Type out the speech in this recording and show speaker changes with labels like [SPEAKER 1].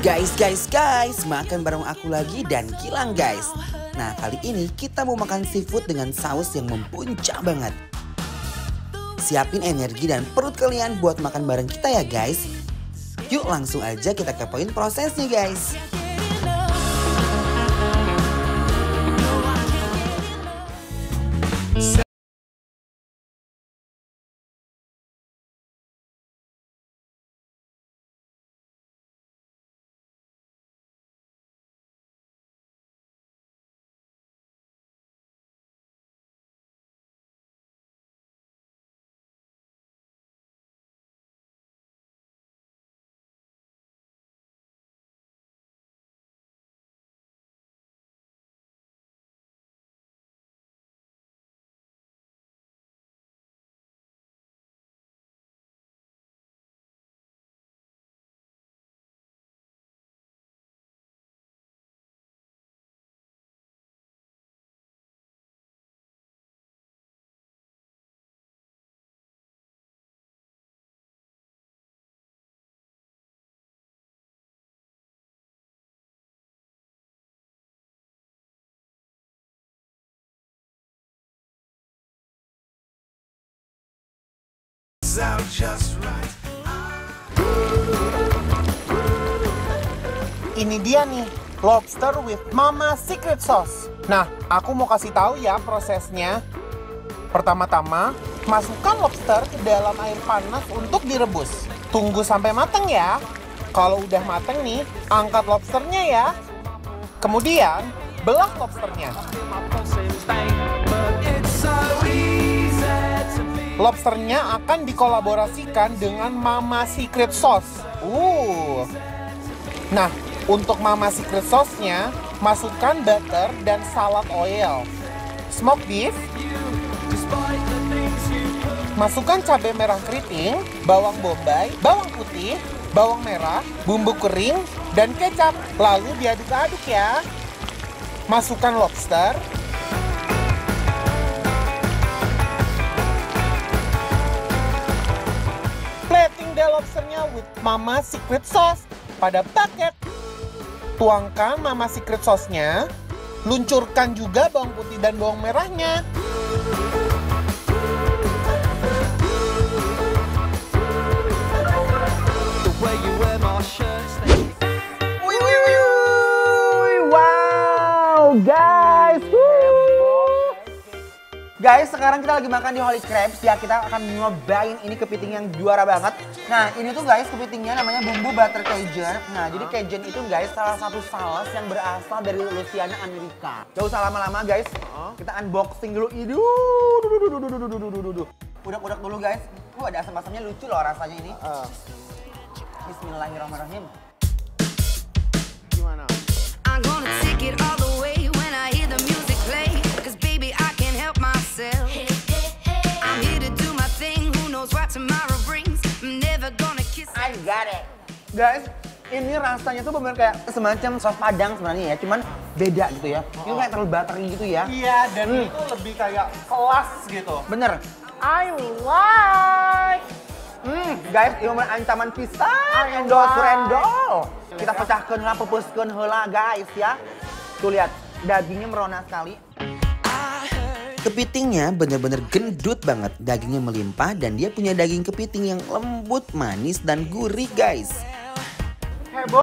[SPEAKER 1] Guys, guys, guys, makan bareng aku lagi dan Gilang guys. Nah, kali ini kita mau makan seafood dengan saus yang mempuncak banget. Siapin energi dan perut kalian buat makan bareng kita ya guys. Yuk langsung aja kita kepoin prosesnya guys.
[SPEAKER 2] Ini dia nih, lobster with mama secret sauce. Nah, aku mau kasih tahu ya prosesnya. Pertama-tama, masukkan lobster ke dalam air panas untuk direbus. Tunggu sampai matang ya. Kalau udah matang nih, angkat lobsternya ya. Kemudian, belah lobsternya. Lobsternya akan dikolaborasikan dengan Mama Secret Sauce. Uh. Nah, untuk Mama Secret Sauce-nya, masukkan butter dan salad oil. smoked beef. Masukkan cabai merah keriting, bawang bombay, bawang putih, bawang merah, bumbu kering, dan kecap. Lalu diaduk-aduk ya. Masukkan lobster. ada lobsternya with mama secret sauce pada paket Tuangkan mama secret sauce-nya, luncurkan juga bawang putih dan bawang merahnya.
[SPEAKER 1] Guys, sekarang kita lagi makan di Holy Crabs ya. Kita akan nyobain ini kepiting yang juara banget. Nah, ini tuh guys kepitingnya namanya bumbu butter cajun. Nah, jadi cajun itu guys salah satu saus yang berasal dari Louisiana, Amerika. Gak usah lama-lama guys. Kita unboxing dulu. Iduh, udah dulu guys. Wah, ada asam-asamnya lucu loh rasanya ini.
[SPEAKER 2] Bismillahirrahmanirrahim. Gimana? I'm gonna take it all the
[SPEAKER 1] way. Guys, ini rasanya tuh benar kayak semacam sop padang sebenarnya ya, cuman beda gitu ya. Ini oh. kayak terlalu buttery gitu ya. Iya, dan hmm.
[SPEAKER 2] itu lebih kayak kelas gitu.
[SPEAKER 1] Bener. I like. Hmm, guys, ini momen ancaman pisang, endol like. surendol. Kita pecahkan lah, pupuskan hela guys ya. Tuh lihat, dagingnya merona sekali. Kepitingnya bener-bener gendut banget, dagingnya melimpah dan dia punya daging kepiting yang lembut, manis, dan gurih guys. Her